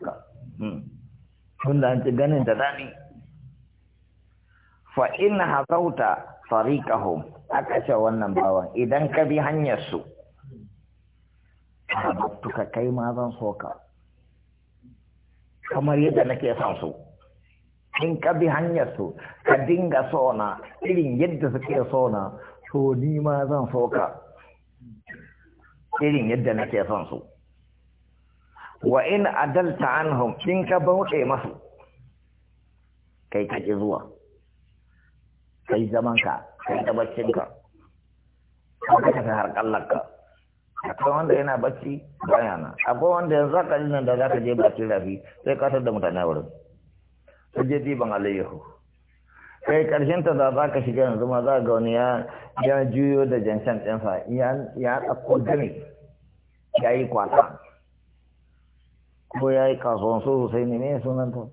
haka hmm. tunda an ci ganin da daɗi fa in hazauta tariqahum aka ce wannan bawan idan ka bi hanyar su ka kai ma zan soka kamar yadda nake son su in ka bi hanyar su ka dinga sona irin yadda suke sona to ni ma zan soka irin yadda nake son su wa in adalta anhum in ka bauɗe masu kai ka ki zuwa kai zaman ka. kai ta baccinka ka tafi har ka. akwai wanda yana bacci baya na akwai wanda yanzu zaka ji nan da zaka je bacci rafi sai ka da mutane wurin su je ban alayyahu kai karshen ta da za ka shiga yanzu ma za ga wani ya juyo da jan shan ɗinsa ya ɗauko gani ya yi kwata ko ya yi kasuwan su sosai ne mai sunan ta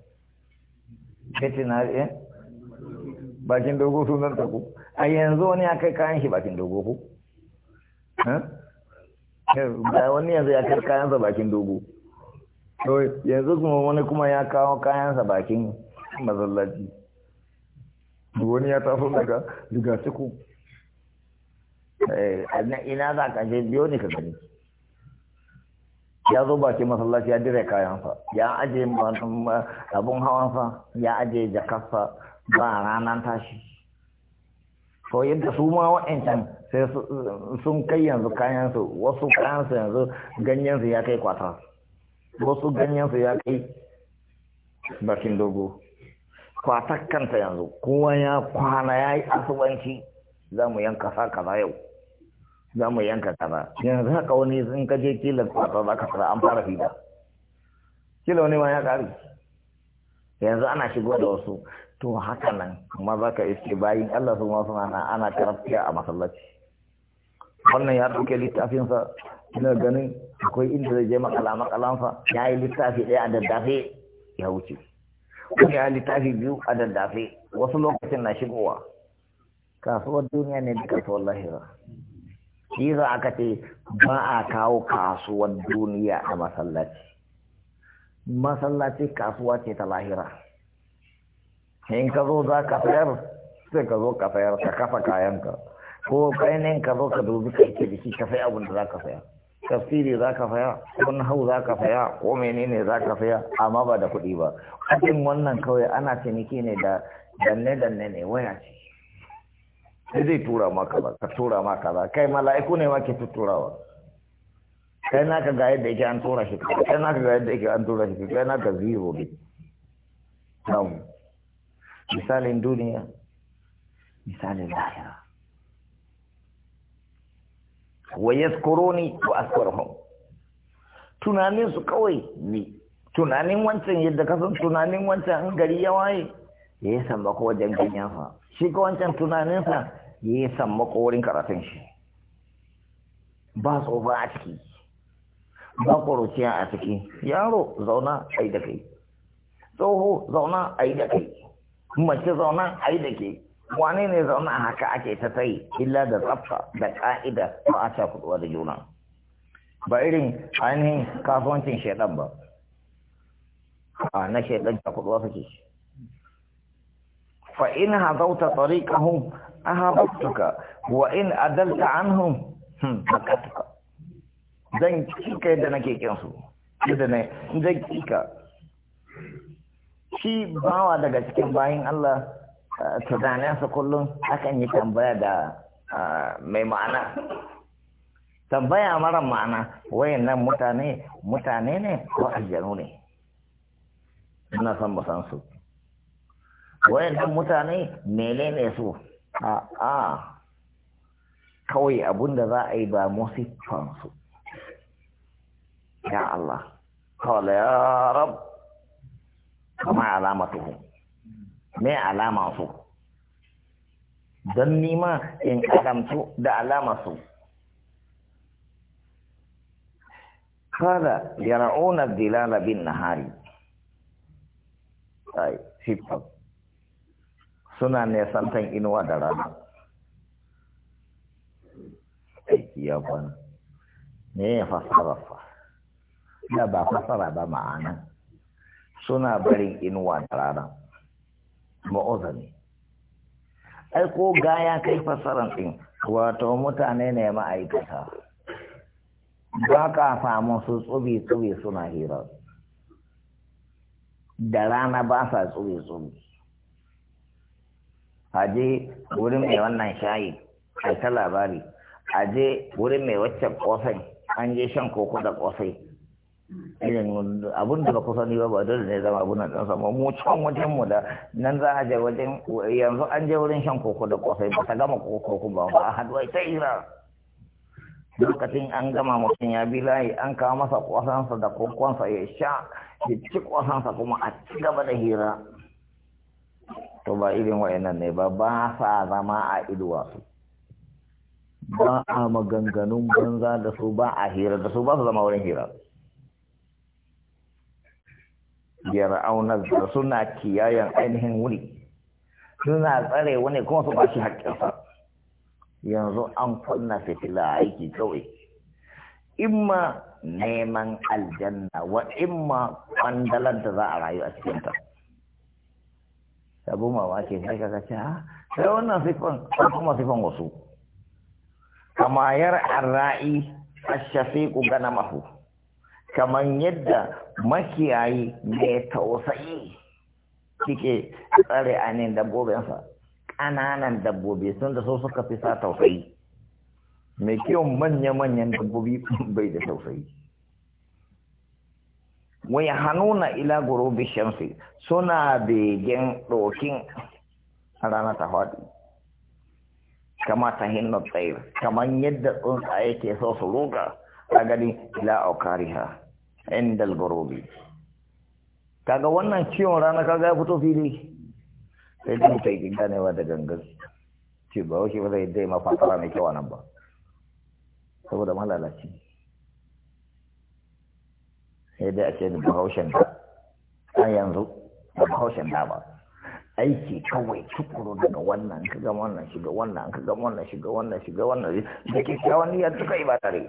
veterinary eh bakin dogo sunan ta ku a yanzu wani ya kai kayan shi bakin dogo ku eh? ba wani yanzu ya kai kayansa bakin dogo to yanzu kuma wani kuma ya kawo kayansa bakin mazallaci wani ya taso daga daga suku eh, ina za ka je biyo ne ka gani ya zo bakin masallaci ya dire kayansa ya aje abun hawansa ya aje jakarsa ba ranar tashi so yadda su ma wa'ancan sai sun kai yanzu kayansu wasu kayansu yanzu ganyensu ya kai kwata wasu ganyensu ya kai bakin dogo kwatakanta yanzu kowa ya kwana ya yi asubanci za mu yanka sa kaza yau za mu yanka kaza yanzu haka wani sun kaje kila kwata za ka fara an fara fida kila wani ma ya ƙari yanzu ana shigo da wasu to haka nan kuma za ka iske bayin Allah su ma mana ana karafiya a masallaci wannan ya ɗauke littafinsa ina ganin akwai inda zai je makala makalansa ya yi littafi ɗaya a daddafe ya wuce wani ya littafi biyu a daddafe wasu lokacin na shigowa kasuwar duniya ne da kasuwar lahira shi za aka ce ba a kawo kasuwar duniya a masallaci masallaci kasuwa ce ta lahira in ka zo za ka fayar sai ka zo ka fayar, ka kafa kayanka ko kainin ka zo ka dubi ka ke da shi ka fayar abinda za ka fayar tafsiri za ka saya ko hau za ka saya ko menene za ka faya? amma ba da kuɗi ba cikin wannan kawai ana ciniki ne da danne danne ne waya ce sai zai tura maka ba ka tura maka ba kai mala'iku ne wake ke tuturawa kai naka ga yadda yake an tura shi kai naka ga yadda yake an tura shi kai naka zero ne nan misalin duniya misalin lahira wa yaskuruni wa askurhum tunanin su kawai ni tunanin wancan yadda ka tunanin wancan an gari ya waye ya yi sammako wajen ganyensa shi ka wancan tunaninsa ya yi sammako wurin karatun shi ba tsofa a ciki ba ƙuruciya a ciki yaro zauna a yi da kai tsoho zauna a yi da kai mace zauna a yi da ke wane ne zauna a haka ake ta tsaye illa da tsafta da ƙa'ida ba a kuɗuwa da juna ba irin ainihin kasuwancin shaidan ba a na shaidan cakuɗuwa suke shi فإن هضوت طريقهم أهبطتك وإن أدلت عنهم بكتك زن كيكا يدنا كيكا نسو يدنا زن كيكا shi bawa daga cikin bayin Allah sa kullum akan yi tambaya da mai ma'ana tambaya mara ma'ana nan mutane mutane ne ko aljanu ne ina san ba san su wayannan mutane menene su a a kawai abun za a yi ba musiffansu ya Allah kawai ya rab kama alamatuhu me alama su don nima in adamtu da alama su kada yara'una dilala bin nahari ai siffansu suna nesantan inuwa da rana aiki ya kwana ne ya fasara fa ya ba fasara ba ma'ana suna barin inuwa da rana ma'uza ne ai ko gaya kai fasaran ɗin wato mutane ne ma'aikata ba ka samu su tsubi-tsubi suna hira da rana ba sa tsubi-tsubi Aje wurin mai wannan shayi a ta labari aje wurin mai waccan kosai an je shan koko da kosai irin abun da ba ku ba ba dole ne zama abun nan sama mu can wajen mu da nan za a je wajen yanzu an je wurin shan koko da kosai ba ta gama koko ba ba a haduwa ita ira lokacin an gama mutum ya bi layi an kawo masa kwasansa da kokonsa ya sha ya ci kwasansa kuma a ci gaba da hira to ba irin wa'annan ne ba ba sa zama a idowa su ba a maganganun banza da su ba a hira da su ba su zama wurin hira aunar da suna kiyayen ainihin wuri suna tsare wani kuma su ba shi haƙƙinsa yanzu an kunna fitila aiki kawai imma neman aljanna wa imma kwandalar da za a rayu a cikinta abu mamaki sai ka ce ha ah, sai wannan sifan kuma sifan wasu kama yar arra'i ashafiqu ganamahu kaman yadda makiyayi mai tausayi kike tsare anin dabbobinsa ƙananan dabbobi sun da so suka fi sa tausayi mai kyau manya-manyan dabbobi bai da tausayi wai hannuna ila gurubi shamsi suna begen dokin? rana ta faɗi kama ta hinna tsayir kamar yadda tsuntsaye ke so su ruga a gani ila aukariha inda gurubi kaga wannan ciwon rana kaga ya fito fili sai dai ta yi ganewa da gangan Ci ba wuce ba zai dai mafasara mai kyau nan ba saboda malalaci sai dai a ce da bahaushen da a yanzu da bahaushen da ba aiki kawai tukuru daga wannan ka ga wannan shiga wannan ka ga wannan shiga wannan shiga wannan da ke kyakkyawan niyyar suka yi ba tare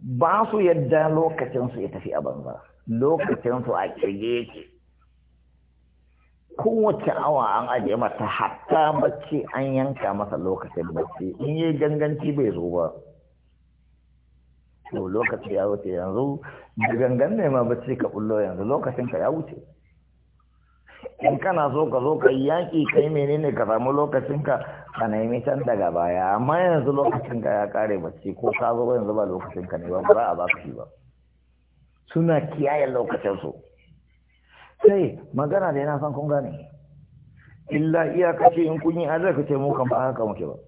ba su yadda lokacinsu ya tafi a banza lokacinsu a kirge yake kowace awa an ajiye mata hatta bacci an yanka masa lokacin bacci in yi ganganci bai zo ba to lokacin ya wuce yanzu da gangan ne ma bacci ka bullo yanzu lokacin ka ya wuce in kana so ka zo ka yaƙi kai menene ka samu lokacin ka ka nemi can daga baya amma yanzu lokacin ka ya kare bacci ko ka zo yanzu ba lokacin ka ne ba ba a baka shi ba suna kiyaye lokacin su sai magana da yana son kun gane illa iyaka ce in kun yi azar ka ce mu kan ba haka muke ba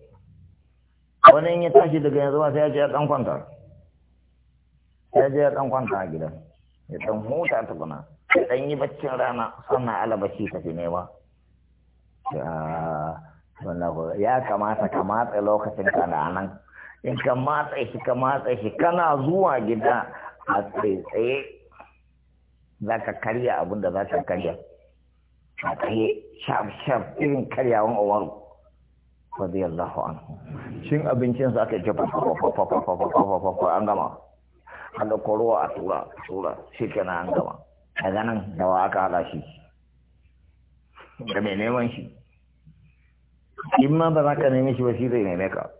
wani in ya tashi daga yanzu ba sai ya ce ya dan kwanta ya je ya dan kwanta a gidan ya dan huta tukuna ya dan yi baccin rana sannan alabashi tafi nema ya kamata ka matsa lokacin ka da nan in ka matsa shi ka matsa shi kana zuwa gida a tsaye za ka karya abin da za ka karya a tsaye shaf shaf irin karyawan umaru radiyallahu anhu shin abincin aka yi jafa gama a ɗauko ruwa a tura tura shi kenan an gama a nan da wa aka haɗa shi da mai neman shi in ma ba za ka neme shi ba shi zai neme ka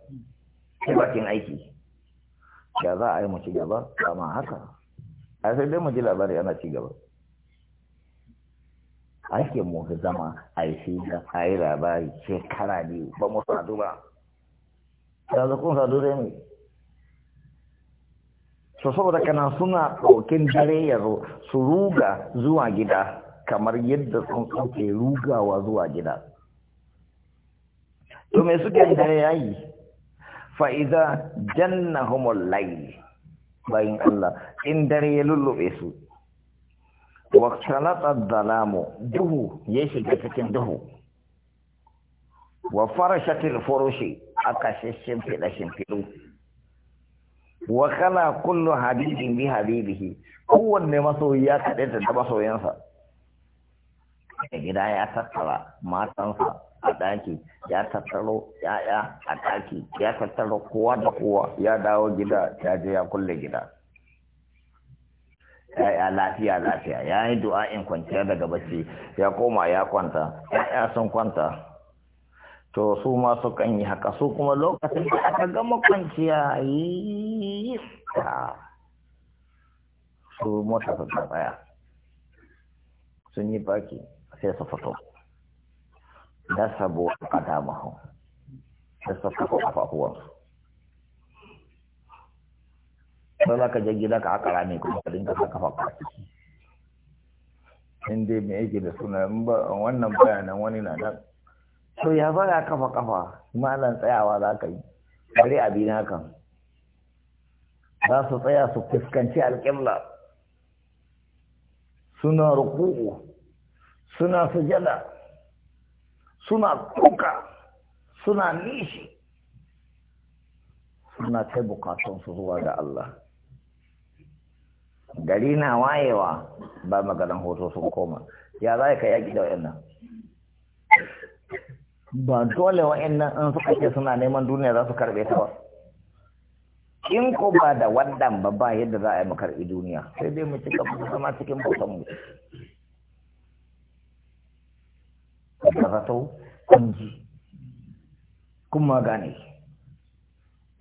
sai bakin aiki ya za a yi mu ci gaba kama haka a sai dai mu ji labari ana ci gaba A ake mu zama a yi shi a yi labari shekara biyu ba mu sadu ba da zakon sadu zai ne so saboda kana suna ɗaukin dare ya zo su ruga zuwa gida kamar yadda sun ɗauke rugawa zuwa gida to me suke dare yi fa’iza idza jannahumul layl bayan Allah in dare ya lullube su wa dalamo duhu ya shiga cikin duhu wa fara shatil furushi aka shimfiɗa shimfiɗu wa kana kullu habibin bi habibihi kowanne masoyi ya da masoyansa a gida ya tattara matansa a ɗaki ya tattaro ya'ya a ɗaki ya tattaro kowa da kowa ya dawo gida ya je ya kulle gida ya'ya lafiya lafiya ya yi in kwanciya daga bacci ya koma ya kwanta ya'ya sun kwanta to su ma su kan yi haka su kuma lokacin da aka gama kwanciya yi su mota su tsaya sun yi baki sai su fito da sabo a kada mahu da su fito a sai za ka je gida ka akara ne kuma ka dinga ka kafa kwaki in dai mai yake da suna wannan bayanan wani na nan to ya za ka kafa kafa malan tsayawa za ka yi bari abi na kan za su tsaya su fuskanci alƙibla suna ruku'u suna sujada suna kuka suna nishi suna kai bukatunsu zuwa ga Allah gari na wayewa ba maganan hoto sun koma ya za ka yaki da wayannan ba dole wa'annan in suka ce suna neman duniya za su karbe ta ba in ko ba da wannan ba ba yadda za a yi mu karɓi duniya sai dai mu cika mu zama cikin bautan mu ka zato kun ji kun ma gane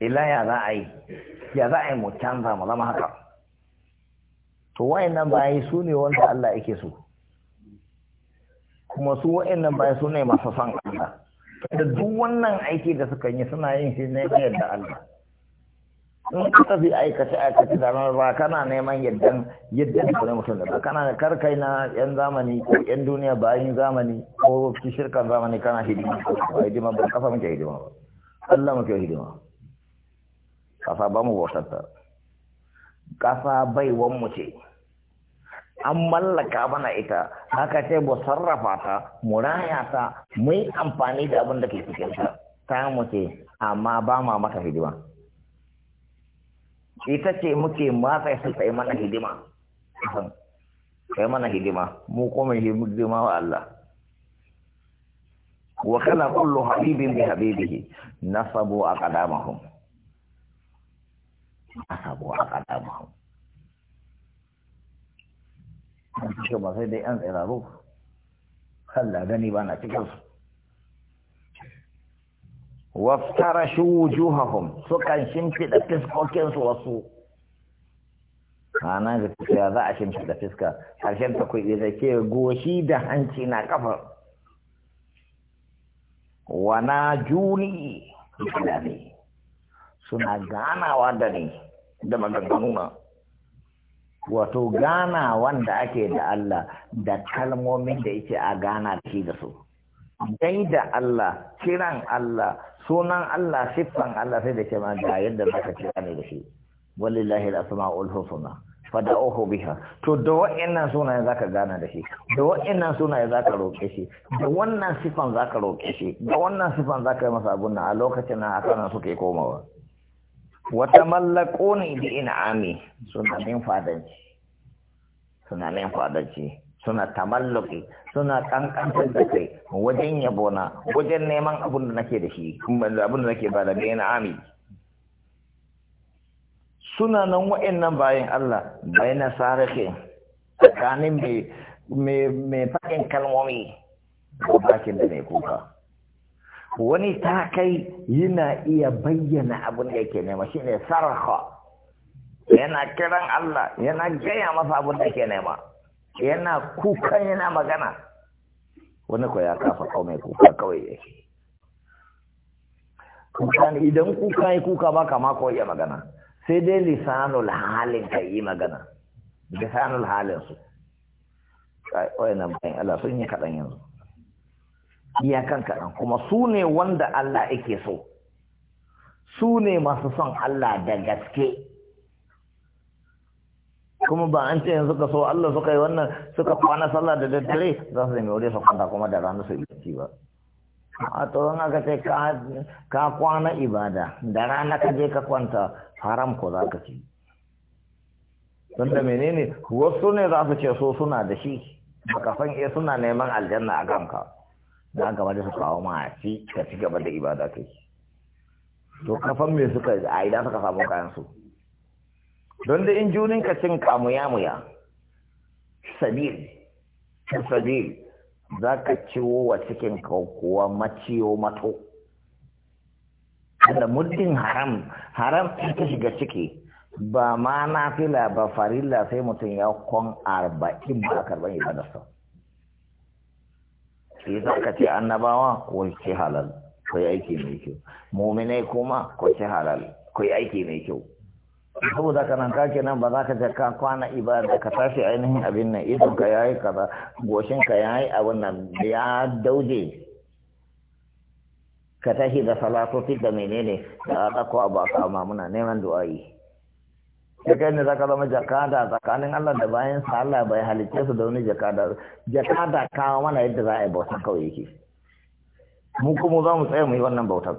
ila ya za a yi ya za a yi mu canza mu zama haka to ba yi su ne wanda Allah yake so kuma su wa'annan bayan su ne masu son Allah da duk wannan aiki da suka yi suna yin shi ne yadda Allah in ka tafi aikace aikace da ranar ba kana neman yaddan yadda da wani mutum da kana da karkai na yan zamani ko yan duniya bayan zamani ko shirkan zamani kana hidima ba hidima ba kafa muke hidima ba Allah muke hidima kafa ba mu bautar ta kafa wan mu ce an mallaka mana ita haka ce mu sarrafa ta mu raya ta mu yi amfani da abin da ke cikin ta ta mu ce amma ba ma mata hidima ita ce muke matsa su ta mana hidima ta mana hidima mu kuma hidima wa Allah wa kana kullu habibin bi habibihi nasabu aqdamahum nasabu aqdamahum cikin ba sai dai yan tsiraru Allah gani ba na cikin su waftarashu wujuhahum sukan shimfiɗa fiskokinsu wasu ana da fiskiya za a da fiska harshen ta kuɗi da ke goshi da hanci na ƙafar wana juni suna ganawa da ne da maganganuna wato gana wanda ake da Allah da kalmomin da yake a gana shi da su dai da Allah kiran Allah sunan Allah siffan Allah sai da ma da yadda za ka kira ne da shi wallahi al-asma'ul husna oho biha to da wa'annan sunaye zaka gana da shi da wa'annan sunaye zaka roke shi da wannan siffan zaka roke shi da wannan siffan zaka yi masa abun a lokacin nan a kana suke komawa wata mallako ne da ina ami suna min fadanci suna min fadanci suna tamalluki suna kankantar da kai wajen yabona wajen neman abin da nake da shi abin da nake ba da ina ami suna nan wa'annan bayan Allah bai sarake tsakanin mai fakin kalmomi ko bakin da mai kuka wani ta kai yana iya bayyana abin da yake nema shine sarrafa yana kiran Allah yana gaya masa abin da yake nema yana kuka yana magana wani ko ya kafa kawai kuka kawai ke kuka ne idan kuka yi kuka ba kama ko iya magana sai dai lisanul halin ka yi magana lisanul halin su kai oyanan bayan Allah sun yi kaɗan yanzu iyakan kaɗan kuma su ne wanda Allah yake so su ne masu son Allah da gaske kuma ba an ce yanzu ka so Allah suka yi wannan suka kwana sallah da daddare za su zai su kwanta kuma da rana su yi ba a tsoron aka ce ka kwana ibada da rana ka je ka kwanta haram ko za ka ci tunda menene wasu ne za su ce so suna da shi baka san iya eh suna neman aljanna a kanka da aka bada su kawo ma ka ci gaba da ibada kai to kafan me suka a ina suka samu kayan su don da in junin ka cin kamuya muya sabil sabil za ka ciwo wa cikin kuwa maciyo mato da muddin haram haram ta shiga ciki ba ma na fila ba farilla sai mutum ya kwan arba'in ba a karban ibadarsa shi za ka ce annabawa ku halal ko yi aiki mai kyau muminai kuma ko ce halal ko yi aiki mai kyau saboda kanan kake nan ba za ka je ka kwana ibada ka tashi ainihin abin nan idon ka yayi kaza goshin ka yayi abin nan ya dauje ka tashi da salatoti da menene da aka ko abu aka muna neman du'a'i da kai ne zaka zama jakada tsakanin Allah da bayan sa Allah bai halicce su da wani jakada jakada kawo mana yadda za a yi bautan kawai yake mu kuma za mu tsaya mu yi wannan bautar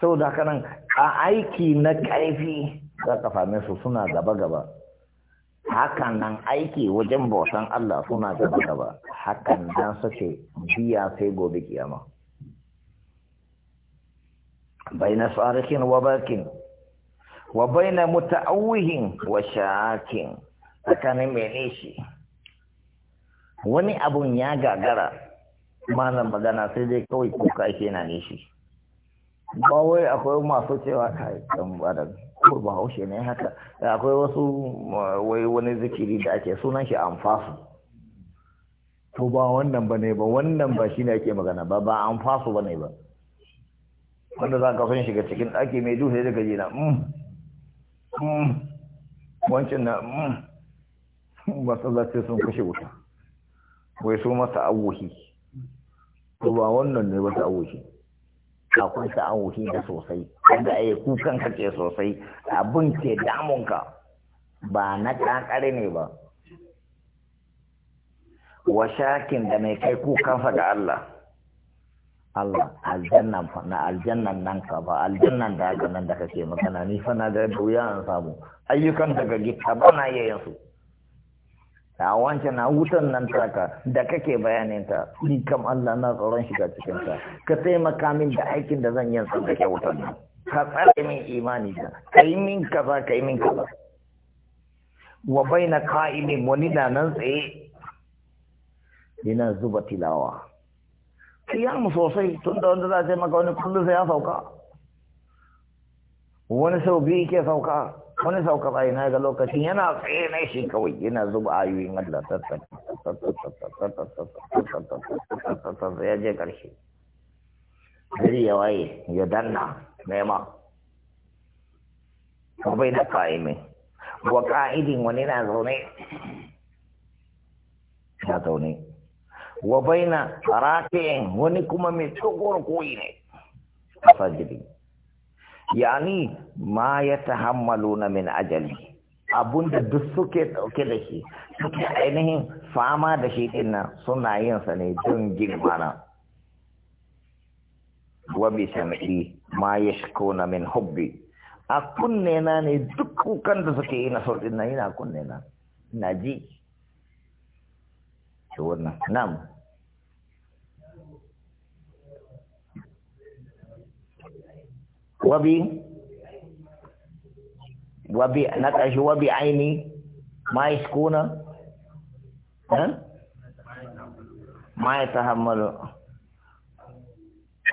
Sau da kanan a aiki na ƙarfi za ka fame su suna gaba gaba hakan nan aiki wajen bautan Allah suna gaba gaba hakan nan suke biya sai gobe kiyama bai na tsarikin wa bakin wa baina muta'awihin wa shakin tsakanin mene shi wani abun ya gagara malam magana sai dai kawai kuka ke na nishi ba wai akwai masu cewa kai dan ba da kurba haushe ne haka akwai wasu wai wani zikiri da ake sunan shi amfasu to ba wannan bane ba wannan ba shine ake magana ba ba amfasu bane ba wanda zaka ka san shiga cikin ɗaki mai duhe da daga jina mm. Mm. wancan na mm. zace sun kashe wuta wai su masa awuhi su ba wannan ne wata ta awuhi akwai ta awuhi da sosai wanda a yi kukan kake sosai abin ke damunka ba na kankare ne ba wa shakin da mai kai kukansa ga Allah Allah aljannan na aljannan nan ka ba aljannan da ga nan da kake magana ni fa na ga doya an samu ayyukan daga gita ba na iya yansu ta wancan na wutan nan taka da kake bayanin ta ni kam Allah na tsoron shiga cikin ta ka taimaka min da aikin da zan yi sun da ke wutan nan ka tsare min imani da kai min kaza kai min kaza wa baina qa'imin wani na nan tsaye Ina zuba tilawa kiyamu sosai tun da wanda za a ce maka wani kullum sai ya sauka wani sau biyu ke sauka wani sauka tsaye na ga lokacin yana tsaye na shi kawai yana zuba ayoyin Allah ya je karshe gari ya waye ya danna nema ta ta ta kaime wa ka'idin wani na zaune ya zaune wa baina raki'in wani kuma mai tsogon koyi ne fasajidi yani ma ya na min ajali Abun da duk suke dauke da shi suke ainihin fama da shi din nan suna yin sa ne don girmana wa bi sam'i ma yashkuna min hubbi a kunne na ne duk kukan da suke yi na na nan yana kunne na na ji to wannan wabi wabi na ƙarshe wabi aini ma ya tahammalu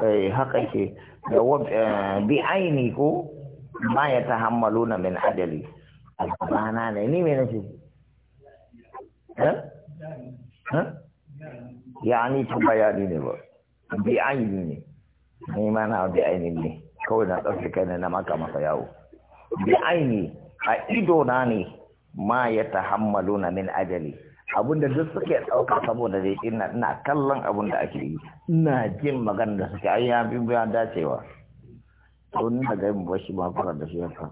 eh, haka ce da eh, bi aini ko ma ya na min adali albana ne ni me nace eh yani ta bayani ne ba bi aini ne ne ma bi aini ne kawai na ɗauke kai ne na maka masa yawo bi aini a ido na ne ma ya tahammalu na min ajali abinda duk suke ɗauka saboda dai ina ina kallon abin da ake yi ina jin magana da suke ai ya bi ya dacewa to ni ga mu bashi ba fara da shi haka